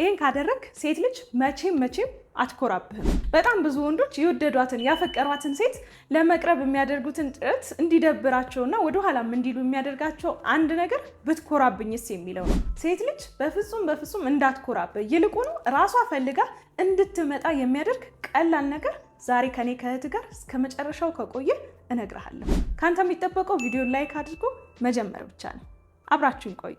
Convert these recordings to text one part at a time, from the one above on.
ይህን ካደረግ ሴት ልጅ መቼም መቼም አትኮራብህም። በጣም ብዙ ወንዶች የወደዷትን ያፈቀሯትን ሴት ለመቅረብ የሚያደርጉትን ጥረት እንዲደብራቸውና ወደኋላም እንዲሉ የሚያደርጋቸው አንድ ነገር ብትኮራብኝስ የሚለው ነው። ሴት ልጅ በፍጹም በፍጹም እንዳትኮራብህ፣ ይልቁኑ ራሷ ፈልጋ እንድትመጣ የሚያደርግ ቀላል ነገር ዛሬ ከኔ ከእህት ጋር እስከ መጨረሻው ከቆየ እነግርሃለሁ። ከአንተ የሚጠበቀው ቪዲዮ ላይክ አድርጎ መጀመር ብቻ ነው። አብራችሁን ቆዩ።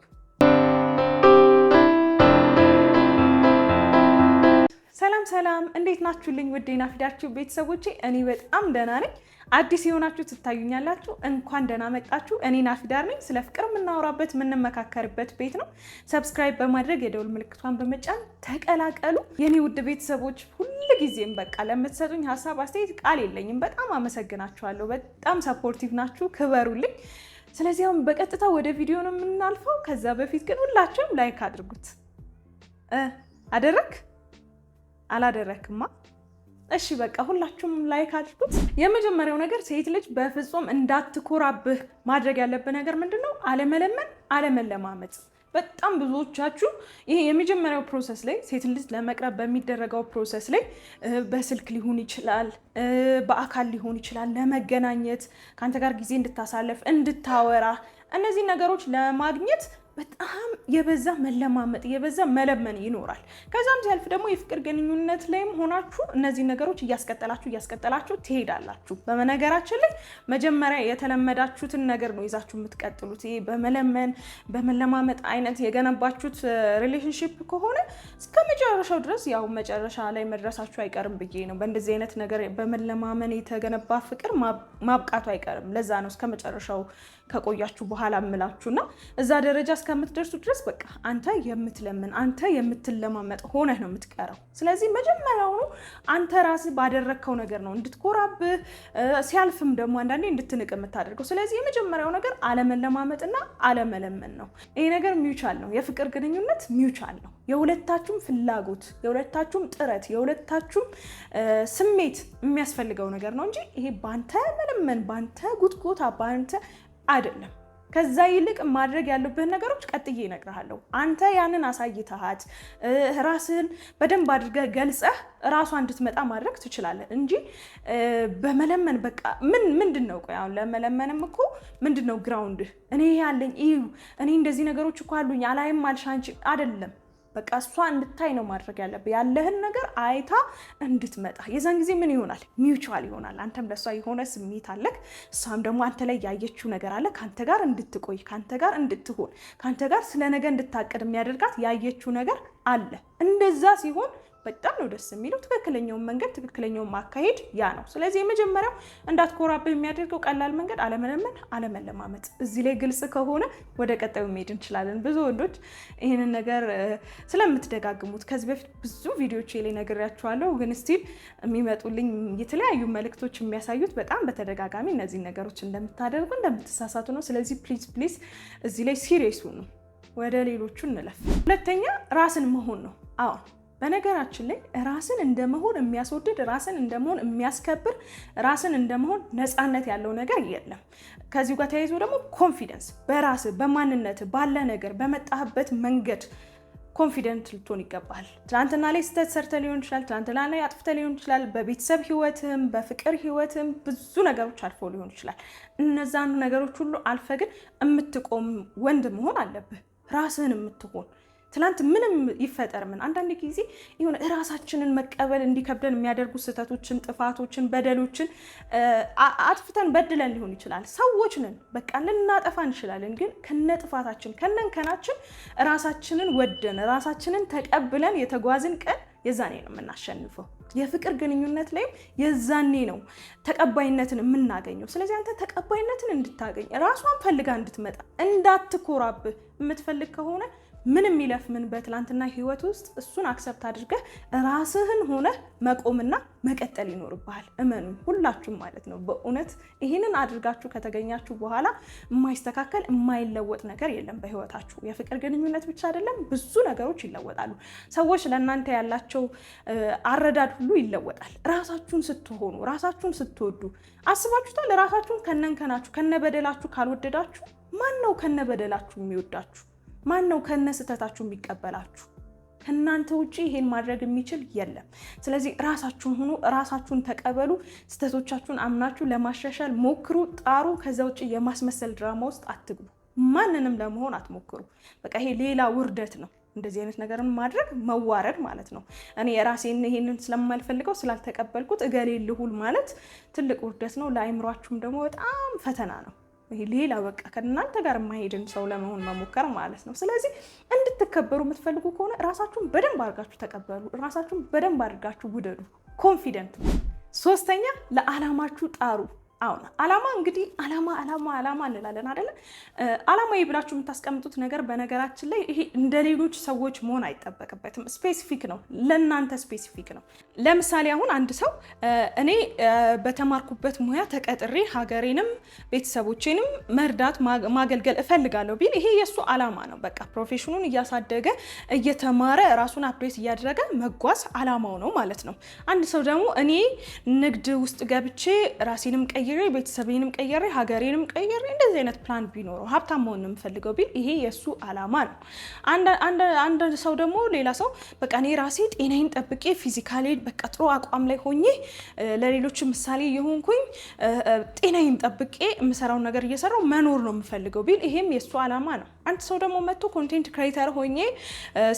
ሰላም ሰላም፣ እንዴት ናችሁልኝ? ውድ ናፊዳችሁ ቤተሰቦቼ፣ እኔ በጣም ደህና ነኝ። አዲስ የሆናችሁ ትታዩኛላችሁ፣ እንኳን ደህና መጣችሁ። እኔ ናፊዳር ነኝ። ስለ ፍቅር የምናወራበት የምንመካከርበት ቤት ነው። ሰብስክራይብ በማድረግ የደውል ምልክቷን በመጫን ተቀላቀሉ። የኔ ውድ ቤተሰቦች፣ ጊዜም በቃ ለምትሰጡኝ ሀሳብ አስተያየት ቃል የለኝም። በጣም አመሰግናችኋለሁ። በጣም ሰፖርቲቭ ናችሁ። ክበሩልኝ። ስለዚህ አሁን በቀጥታ ወደ ቪዲዮ ነው የምናልፈው። ከዛ በፊት ግን ሁላችሁም ላይክ አድርጉት። አደረግ አላደረክማ። እሺ በቃ ሁላችሁም ላይክ አድርጉት። የመጀመሪያው ነገር ሴት ልጅ በፍጹም እንዳትኮራብህ ማድረግ ያለብህ ነገር ምንድን ነው? አለመለመን፣ አለመለማመጥ። በጣም ብዙዎቻችሁ ይሄ የመጀመሪያው ፕሮሰስ ላይ ሴት ልጅ ለመቅረብ በሚደረገው ፕሮሰስ ላይ በስልክ ሊሆን ይችላል፣ በአካል ሊሆን ይችላል፣ ለመገናኘት ከአንተ ጋር ጊዜ እንድታሳለፍ እንድታወራ እነዚህ ነገሮች ለማግኘት በጣም የበዛ መለማመጥ የበዛ መለመን ይኖራል። ከዛም ሲያልፍ ደግሞ የፍቅር ግንኙነት ላይም ሆናችሁ እነዚህ ነገሮች እያስቀጠላችሁ እያስቀጠላችሁ ትሄዳላችሁ። በመነገራችን ላይ መጀመሪያ የተለመዳችሁትን ነገር ነው ይዛችሁ የምትቀጥሉት። ይሄ በመለመን በመለማመጥ አይነት የገነባችሁት ሪሌሽንሽፕ ከሆነ እስከ መጨረሻው ድረስ ያው መጨረሻ ላይ መድረሳችሁ አይቀርም ብዬ ነው። በእንደዚህ አይነት ነገር በመለማመን የተገነባ ፍቅር ማብቃቱ አይቀርም። ለዛ ነው እስከ መጨረሻው ከቆያችሁ በኋላ እምላችሁና እዛ ደረጃ እስከምትደርሱ ድረስ በቃ አንተ የምትለምን አንተ የምትለማመጥ ሆነህ ነው የምትቀረው። ስለዚህ መጀመሪያውኑ አንተ ራስህ ባደረግከው ነገር ነው እንድትኮራብህ ሲያልፍም ደግሞ አንዳንዴ እንድትንቅ የምታደርገው። ስለዚህ የመጀመሪያው ነገር አለመለማመጥና አለመለመን ነው። ይሄ ነገር ሚውቻል ነው፣ የፍቅር ግንኙነት ሚውቻል ነው። የሁለታችሁም ፍላጎት፣ የሁለታችሁም ጥረት፣ የሁለታችሁም ስሜት የሚያስፈልገው ነገር ነው እንጂ ይሄ ባንተ መለመን፣ ባንተ ጉትጎታ፣ ባንተ አይደለም። ከዛ ይልቅ ማድረግ ያለብህን ነገሮች ቀጥዬ እነግርሃለሁ። አንተ ያንን አሳይተሃት ራስህን በደንብ አድርገህ ገልጸህ ራሷ እንድትመጣ ማድረግ ትችላለህ እንጂ በመለመን በቃ ምን ምንድን ነው? ቆይ አሁን ለመለመንም እኮ ምንድን ነው ግራውንድህ? እኔ ያለኝ እኔ እንደዚህ ነገሮች እኮ አሉኝ አላይም አልሽ አንቺ አይደለም በቃ እሷ እንድታይ ነው ማድረግ ያለብህ። ያለህን ነገር አይታ እንድትመጣ የዛን ጊዜ ምን ይሆናል? ሚውቹዋል ይሆናል። አንተም ለእሷ የሆነ ስሜት አለክ፣ እሷም ደግሞ አንተ ላይ ያየችው ነገር አለ። ከአንተ ጋር እንድትቆይ፣ ከአንተ ጋር እንድትሆን፣ ከአንተ ጋር ስለ ነገ እንድታቅድ የሚያደርጋት ያየችው ነገር አለ። እንደዛ ሲሆን በጣም ነው ደስ የሚለው። ትክክለኛውን መንገድ ትክክለኛውን ማካሄድ ያ ነው። ስለዚህ የመጀመሪያው እንዳትኮራብህ የሚያደርገው ቀላል መንገድ አለመለመን፣ አለመለማመጥ። እዚህ ላይ ግልጽ ከሆነ ወደ ቀጣዩ መሄድ እንችላለን። ብዙ ወንዶች ይህንን ነገር ስለምትደጋግሙት ከዚህ በፊት ብዙ ቪዲዮች ላይ ነግሬያቸዋለሁ፣ ግን ስቲል የሚመጡልኝ የተለያዩ መልእክቶች የሚያሳዩት በጣም በተደጋጋሚ እነዚህ ነገሮች እንደምታደርጉ እንደምትሳሳቱ ነው። ስለዚህ ፕሊዝ ፕሊዝ እዚህ ላይ ሲሪየስ ሁኑ። ወደ ሌሎቹ እንለፍ። ሁለተኛ ራስን መሆን ነው። አዎ በነገራችን ላይ ራስን እንደመሆን የሚያስወድድ ራስን እንደመሆን የሚያስከብር ራስን እንደመሆን ነፃነት ያለው ነገር የለም። ከዚሁ ጋር ተያይዞ ደግሞ ኮንፊደንስ በራስ በማንነት ባለ ነገር በመጣህበት መንገድ ኮንፊደንት ልትሆን ይገባል። ትናንትና ላይ ስህተት ሰርተ ሊሆን ይችላል። ትናንትና ላይ አጥፍተ ሊሆን ይችላል። በቤተሰብ ህይወትም በፍቅር ህይወትም ብዙ ነገሮች አልፎ ሊሆን ይችላል። እነዛን ነገሮች ሁሉ አልፈ ግን የምትቆም ወንድ መሆን አለብህ። ራስህን የምትሆን ትላንት ምንም ይፈጠር ምን አንዳንድ ጊዜ የሆነ እራሳችንን መቀበል እንዲከብደን የሚያደርጉ ስህተቶችን፣ ጥፋቶችን፣ በደሎችን አጥፍተን በድለን ሊሆን ይችላል። ሰዎች ነን፣ በቃ ልናጠፋ እንችላለን። ግን ከነ ጥፋታችን ከናችን ራሳችንን ወደን ራሳችንን ተቀብለን የተጓዝን ቀን የዛኔ ነው የምናሸንፈው። የፍቅር ግንኙነት ላይም የዛኔ ነው ተቀባይነትን የምናገኘው። ስለዚህ አንተ ተቀባይነትን እንድታገኝ ራሷን ፈልጋ እንድትመጣ እንዳትኮራብህ የምትፈልግ ከሆነ ምንም ይለፍ ምን በትላንትና ህይወት ውስጥ እሱን አክሰብት አድርገህ ራስህን ሆነ መቆምና መቀጠል ይኖርብሃል። እመኑ ሁላችሁም ማለት ነው። በእውነት ይህንን አድርጋችሁ ከተገኛችሁ በኋላ የማይስተካከል የማይለወጥ ነገር የለም በህይወታችሁ። የፍቅር ግንኙነት ብቻ አይደለም፣ ብዙ ነገሮች ይለወጣሉ። ሰዎች ለእናንተ ያላቸው አረዳድ ሁሉ ይለወጣል። ራሳችሁን ስትሆኑ፣ ራሳችሁን ስትወዱ አስባችሁታል። ራሳችሁን ከነንከናችሁ ከነበደላችሁ ካልወደዳችሁ ማን ነው ከነበደላችሁ የሚወዳችሁ? ማን ነው ከነ ስህተታችሁ የሚቀበላችሁ? ከእናንተ ውጭ ይሄን ማድረግ የሚችል የለም። ስለዚህ ራሳችሁን ሁኑ፣ ራሳችሁን ተቀበሉ፣ ስህተቶቻችሁን አምናችሁ ለማሻሻል ሞክሩ፣ ጣሩ። ከዛ ውጭ የማስመሰል ድራማ ውስጥ አትግቡ። ማንንም ለመሆን አትሞክሩ። በቃ ይሄ ሌላ ውርደት ነው። እንደዚህ አይነት ነገርን ማድረግ መዋረድ ማለት ነው። እኔ የራሴን ይሄንን ስለማልፈልገው ስላልተቀበልኩት እገሌ ልሁል ማለት ትልቅ ውርደት ነው። ለአይምሯችሁም ደግሞ በጣም ፈተና ነው። ይሄ ሌላ በቃ ከእናንተ ጋር የማይሄድን ሰው ለመሆን መሞከር ማለት ነው። ስለዚህ እንድትከበሩ የምትፈልጉ ከሆነ ራሳችሁን በደንብ አድርጋችሁ ተቀበሉ። ራሳችሁን በደንብ አድርጋችሁ ውደዱ። ኮንፊደንት። ሶስተኛ ለዓላማችሁ ጣሩ። አሁን አላማ እንግዲህ አላማ አላማ አላማ እንላለን አደለ? አላማ ብላችሁ የምታስቀምጡት ነገር በነገራችን ላይ ይሄ እንደ ሌሎች ሰዎች መሆን አይጠበቅበትም። ስፔሲፊክ ነው፣ ለእናንተ ስፔሲፊክ ነው። ለምሳሌ አሁን አንድ ሰው እኔ በተማርኩበት ሙያ ተቀጥሬ ሀገሬንም ቤተሰቦቼንም መርዳት ማገልገል እፈልጋለሁ ቢል ይሄ የእሱ አላማ ነው። በቃ ፕሮፌሽኑን እያሳደገ እየተማረ ራሱን አፕዴት እያደረገ መጓዝ አላማው ነው ማለት ነው። አንድ ሰው ደግሞ እኔ ንግድ ውስጥ ገብቼ ራሴንም ቀይ ቀይሬ ቤተሰቤንም ቀይሬ ሀገሬንም ቀይሬ እንደዚህ አይነት ፕላን ቢኖረው ሀብታም መሆን ነው የምፈልገው ቢል ይሄ የእሱ አላማ ነው። አንድ ሰው ደግሞ ሌላ ሰው በቃ እኔ ራሴ ጤናዬን ጠብቄ ፊዚካሌ በቃ ጥሩ አቋም ላይ ሆኜ ለሌሎች ምሳሌ የሆንኩኝ ጤናዬን ጠብቄ የምሰራውን ነገር እየሰራው መኖር ነው የምፈልገው ቢል ይሄም የእሱ አላማ ነው። አንድ ሰው ደግሞ መጥቶ ኮንቴንት ክሬተር ሆኜ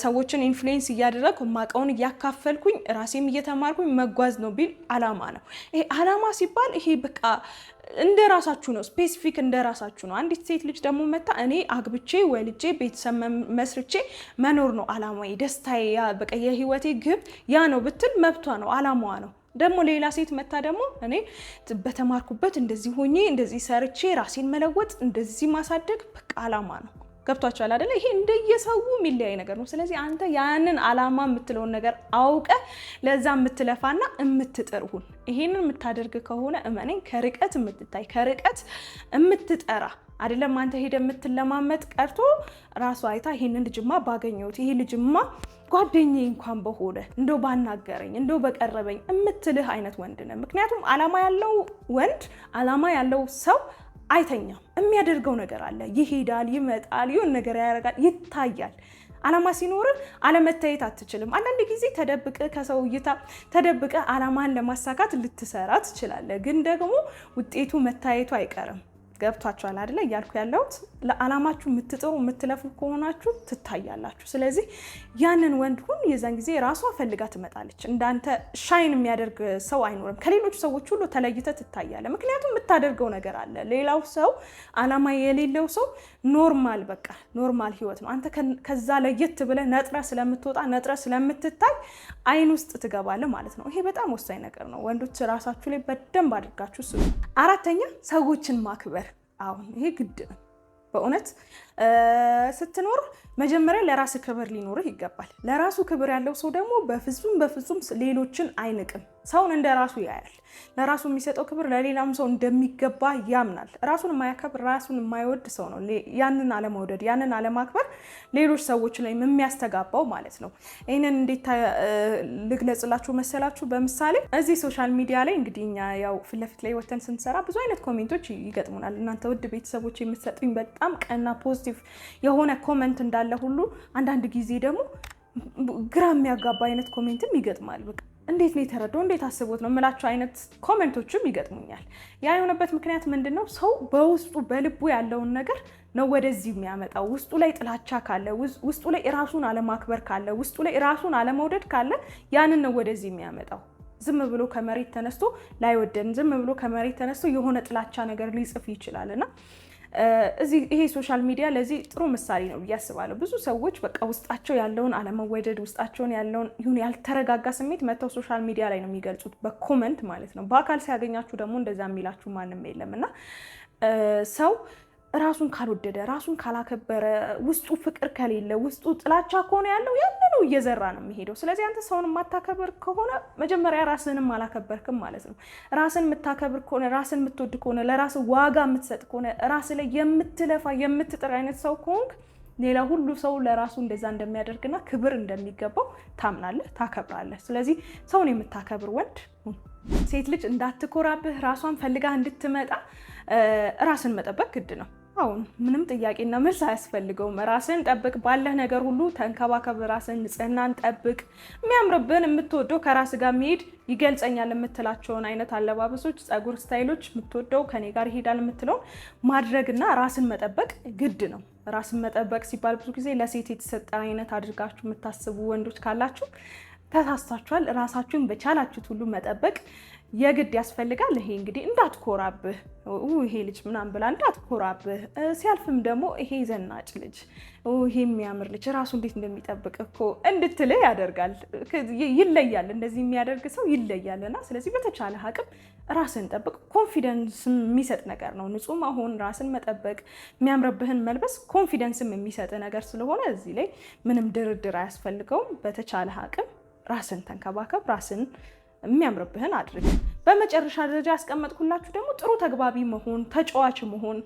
ሰዎችን ኢንፍሉዌንስ እያደረግኩ ማቀውን እያካፈልኩኝ ራሴም እየተማርኩኝ መጓዝ ነው ቢል አላማ ነው። ይሄ አላማ ሲባል ይሄ በቃ እንደ ራሳችሁ ነው። ስፔሲፊክ እንደ ራሳችሁ ነው። አንዲት ሴት ልጅ ደግሞ መታ እኔ አግብቼ ወልጄ ቤተሰብ መስርቼ መኖር ነው አላማዬ፣ ደስታዬ፣ ያ በቃ የህይወቴ ግብ ያ ነው ብትል መብቷ ነው፣ አላማዋ ነው። ደግሞ ሌላ ሴት መታ ደግሞ እኔ በተማርኩበት እንደዚህ ሆኜ እንደዚህ ሰርቼ ራሴን መለወጥ እንደዚህ ማሳደግ በቃ አላማ ነው ገብቷቸዋል አደለ? ይሄ እንደየሰው የሚለያይ ነገር ነው። ስለዚህ አንተ ያንን አላማ የምትለውን ነገር አውቀ ለዛ የምትለፋና የምትጥር ሁን። ይሄንን የምታደርግ ከሆነ እመነኝ ከርቀት የምትታይ ከርቀት የምትጠራ አይደለም አንተ ሄደ የምትለማመጥ ቀርቶ ራሱ አይታ ይሄንን ልጅማ ባገኘሁት ይሄ ልጅማ ጓደኝ እንኳን በሆነ እንደው ባናገረኝ እንደው በቀረበኝ የምትልህ አይነት ወንድ ነ። ምክንያቱም አላማ ያለው ወንድ አላማ ያለው ሰው አይተኛም። የሚያደርገው ነገር አለ። ይሄዳል፣ ይመጣል፣ ይሁን ነገር ያደርጋል፣ ይታያል። አላማ ሲኖርህ አለመታየት አትችልም። አንዳንድ ጊዜ ተደብቀ ከሰው እይታ ተደብቀ አላማን ለማሳካት ልትሰራ ትችላለህ፣ ግን ደግሞ ውጤቱ መታየቱ አይቀርም። ገብቷችኋል አይደለ? እያልኩ ያለሁት ለዓላማችሁ የምትጥሩ የምትለፉ ከሆናችሁ ትታያላችሁ። ስለዚህ ያንን ወንድ ሁን የዛን ጊዜ ራሷ ፈልጋ ትመጣለች። እንዳንተ ሻይን የሚያደርግ ሰው አይኖርም። ከሌሎች ሰዎች ሁሉ ተለይተ ትታያለ። ምክንያቱም የምታደርገው ነገር አለ። ሌላው ሰው ዓላማ የሌለው ሰው ኖርማል፣ በቃ ኖርማል ህይወት ነው። አንተ ከዛ ለየት ብለ ነጥረ ስለምትወጣ ነጥረ ስለምትታይ አይን ውስጥ ትገባለ ማለት ነው። ይሄ በጣም ወሳኝ ነገር ነው። ወንዶች ራሳችሁ ላይ በደንብ አድርጋችሁ ስሉ። አራተኛ ሰዎችን ማክበር አሁን ይሄ ግድ ነው በእውነት ስትኖር መጀመሪያ ለራስ ክብር ሊኖርህ ይገባል። ለራሱ ክብር ያለው ሰው ደግሞ በፍጹም በፍጹም ሌሎችን አይንቅም። ሰውን እንደ ራሱ ያያል። ለራሱ የሚሰጠው ክብር ለሌላም ሰው እንደሚገባ ያምናል። ራሱን የማያከብር ራሱን የማይወድ ሰው ነው ያንን አለመውደድ ያንን አለማክበር ሌሎች ሰዎች ላይ የሚያስተጋባው ማለት ነው። ይህንን እንዴት ልግለጽላችሁ መሰላችሁ? በምሳሌ እዚህ ሶሻል ሚዲያ ላይ እንግዲህ እኛ ያው ፊትለፊት ላይ ወተን ስንሰራ ብዙ አይነት ኮሜንቶች ይገጥሙናል። እናንተ ውድ ቤተሰቦች የምትሰጡኝ በጣም ቀና ፖዚቲቭ የሆነ ኮመንት እንዳለ ሁሉ አንዳንድ ጊዜ ደግሞ ግራ የሚያጋባ አይነት ኮሜንትም ይገጥማል። እንዴት ነው የተረዳው፣ እንዴት አስቦት ነው የምላቸው አይነት ኮሜንቶችም ይገጥሙኛል። ያ የሆነበት ምክንያት ምንድን ነው? ሰው በውስጡ በልቡ ያለውን ነገር ነው ወደዚህ የሚያመጣው። ውስጡ ላይ ጥላቻ ካለ፣ ውስጡ ላይ ራሱን አለማክበር ካለ፣ ውስጡ ላይ ራሱን አለመውደድ ካለ ያንን ነው ወደዚህ የሚያመጣው። ዝም ብሎ ከመሬት ተነስቶ ላይወደን፣ ዝም ብሎ ከመሬት ተነስቶ የሆነ ጥላቻ ነገር ሊጽፍ ይችላል እና ይሄ ሶሻል ሚዲያ ለዚህ ጥሩ ምሳሌ ነው ብዬ አስባለሁ። ብዙ ሰዎች በቃ ውስጣቸው ያለውን አለመወደድ፣ ውስጣቸውን ያለውን ይሁን ያልተረጋጋ ስሜት መጥተው ሶሻል ሚዲያ ላይ ነው የሚገልጹት፣ በኮመንት ማለት ነው። በአካል ሲያገኛችሁ ደግሞ እንደዛ የሚላችሁ ማንም የለም እና ሰው ራሱን ካልወደደ ራሱን ካላከበረ ውስጡ ፍቅር ከሌለ ውስጡ ጥላቻ ከሆነ ያለው ያንኑ እየዘራ ነው የሚሄደው። ስለዚህ አንተ ሰውን የማታከብር ከሆነ መጀመሪያ ራስንም አላከበርክም ማለት ነው። ራስን የምታከብር ከሆነ፣ ራስን የምትወድ ከሆነ፣ ለራስ ዋጋ የምትሰጥ ከሆነ፣ ራስ ላይ የምትለፋ የምትጥር አይነት ሰው ከሆንክ ሌላ ሁሉ ሰው ለራሱ እንደዛ እንደሚያደርግና ክብር እንደሚገባው ታምናለህ፣ ታከብራለህ። ስለዚህ ሰውን የምታከብር ወንድ ሴት ልጅ እንዳትኮራብህ ራሷን ፈልጋ እንድትመጣ ራስን መጠበቅ ግድ ነው። አሁን ምንም ጥያቄና መልስ አያስፈልገውም። ራስን ጠብቅ፣ ባለህ ነገር ሁሉ ተንከባከብ፣ ራስን ንጽህናን ጠብቅ። የሚያምርብን የምትወደው ከራስ ጋር መሄድ ይገልጸኛል የምትላቸውን አይነት አለባበሶች፣ ጸጉር ስታይሎች የምትወደው ከኔ ጋር ይሄዳል የምትለውን ማድረግና ራስን መጠበቅ ግድ ነው። ራስን መጠበቅ ሲባል ብዙ ጊዜ ለሴት የተሰጠ አይነት አድርጋችሁ የምታስቡ ወንዶች ካላችሁ ተሳስታችኋል። ራሳችሁን በቻላችሁት ሁሉ መጠበቅ የግድ ያስፈልጋል። ይሄ እንግዲህ እንዳትኮራብህ ይሄ ልጅ ምናምን ብላ እንዳትኮራብህ። ሲያልፍም ደግሞ ይሄ ዘናጭ ልጅ፣ ይሄ የሚያምር ልጅ ራሱ እንዴት እንደሚጠብቅ እኮ እንድትል ያደርጋል። ይለያል፣ እንደዚህ የሚያደርግ ሰው ይለያል። እና ስለዚህ በተቻለ አቅም ራስን ጠብቅ። ኮንፊደንስ የሚሰጥ ነገር ነው። ንጹህ መሆን፣ ራስን መጠበቅ፣ የሚያምርብህን መልበስ ኮንፊደንስም የሚሰጥ ነገር ስለሆነ እዚህ ላይ ምንም ድርድር አያስፈልገውም። በተቻለ አቅም ራስን ተንከባከብ፣ ራስን የሚያምርብህን አድርግ። በመጨረሻ ደረጃ ያስቀመጥኩላችሁ ደግሞ ጥሩ ተግባቢ መሆን፣ ተጫዋች መሆን፣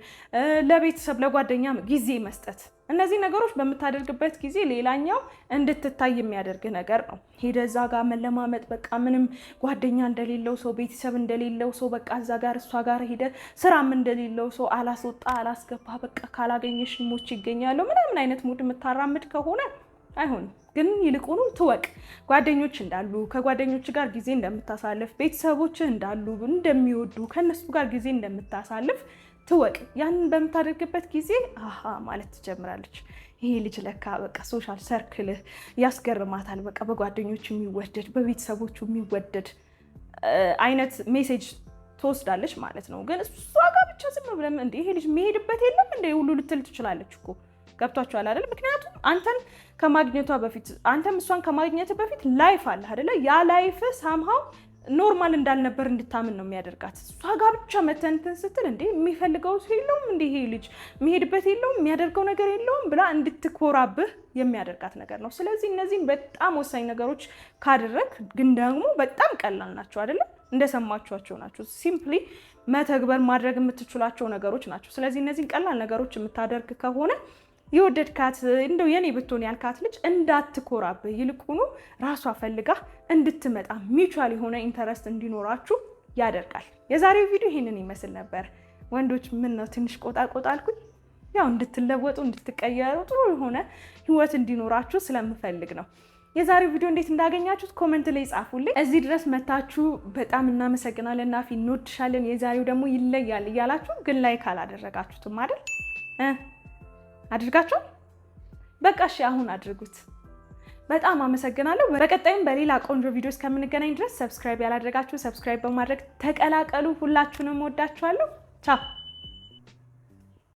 ለቤተሰብ ለጓደኛ ጊዜ መስጠት። እነዚህ ነገሮች በምታደርግበት ጊዜ ሌላኛው እንድትታይ የሚያደርግ ነገር ነው። ሄደ እዛ ጋር መለማመጥ በቃ ምንም ጓደኛ እንደሌለው ሰው፣ ቤተሰብ እንደሌለው ሰው በቃ እዛ ጋር እሷ ጋር ሄደ ስራም እንደሌለው ሰው አላስወጣ አላስገባ በቃ ካላገኘሽ ሞች ይገኛለሁ ምናምን አይነት ሙድ የምታራምድ ከሆነ አይሆንም። ግን ይልቁንም ትወቅ ጓደኞች እንዳሉ፣ ከጓደኞች ጋር ጊዜ እንደምታሳልፍ፣ ቤተሰቦች እንዳሉ እንደሚወዱ፣ ከእነሱ ጋር ጊዜ እንደምታሳልፍ ትወቅ። ያንን በምታደርግበት ጊዜ አሀ ማለት ትጀምራለች። ይሄ ልጅ ለካ በቃ ሶሻል ሰርክልህ ያስገርማታል። በቃ በጓደኞች የሚወደድ በቤተሰቦቹ የሚወደድ አይነት ሜሴጅ ትወስዳለች ማለት ነው። ግን እሷ ጋር ብቻ ዝም ብለም እንደ ይሄ ልጅ የሚሄድበት የለም እንደ ሁሉ ልትል ትችላለች እኮ ገብቷቸዋል አይደል? ምክንያቱም አንተን ከማግኘቷ በፊት አንተም እሷን ከማግኘት በፊት ላይፍ አለ አይደለ? ያ ላይፍ ሳምሃው ኖርማል እንዳልነበር እንድታምን ነው የሚያደርጋት። እሷ ጋር ብቻ መተንትን ስትል እንዴ የሚፈልገው የለውም እንዲ ይሄ ልጅ የሚሄድበት የለውም የሚያደርገው ነገር የለውም ብላ እንድትኮራብህ የሚያደርጋት ነገር ነው። ስለዚህ እነዚህን በጣም ወሳኝ ነገሮች ካደረግ ግን ደግሞ በጣም ቀላል ናቸው አይደለም እንደሰማችኋቸው ናቸው። ሲምፕሊ መተግበር ማድረግ የምትችላቸው ነገሮች ናቸው። ስለዚህ እነዚህን ቀላል ነገሮች የምታደርግ ከሆነ የወደድካት እንደው የኔ ብትሆን ያልካት ልጅ እንዳትኮራብህ፣ ይልቁኑ ራሷ ፈልጋ እንድትመጣ ሚቹዋል የሆነ ኢንተረስት እንዲኖራችሁ ያደርጋል። የዛሬው ቪዲዮ ይሄንን ይመስል ነበር። ወንዶች ምን ነው ትንሽ ቆጣ ቆጣ አልኩኝ? ያው እንድትለወጡ እንድትቀየሩ ጥሩ የሆነ ህይወት እንዲኖራችሁ ስለምፈልግ ነው። የዛሬው ቪዲዮ እንዴት እንዳገኛችሁት ኮመንት ላይ ጻፉልኝ። እዚህ ድረስ መታችሁ በጣም እናመሰግናለን። ናፊ እንወድሻለን፣ የዛሬው ደግሞ ይለያል እያላችሁ ግን ላይክ አላደረጋችሁትም አይደል? አድርጋችሁ በቃ እሺ፣ አሁን አድርጉት። በጣም አመሰግናለሁ። በቀጣይም በሌላ ቆንጆ ቪዲዮ እስከምንገናኝ ድረስ ሰብስክራይብ ያላደረጋችሁ ሰብስክራይብ በማድረግ ተቀላቀሉ። ሁላችሁንም ወዳችኋለሁ። ቻው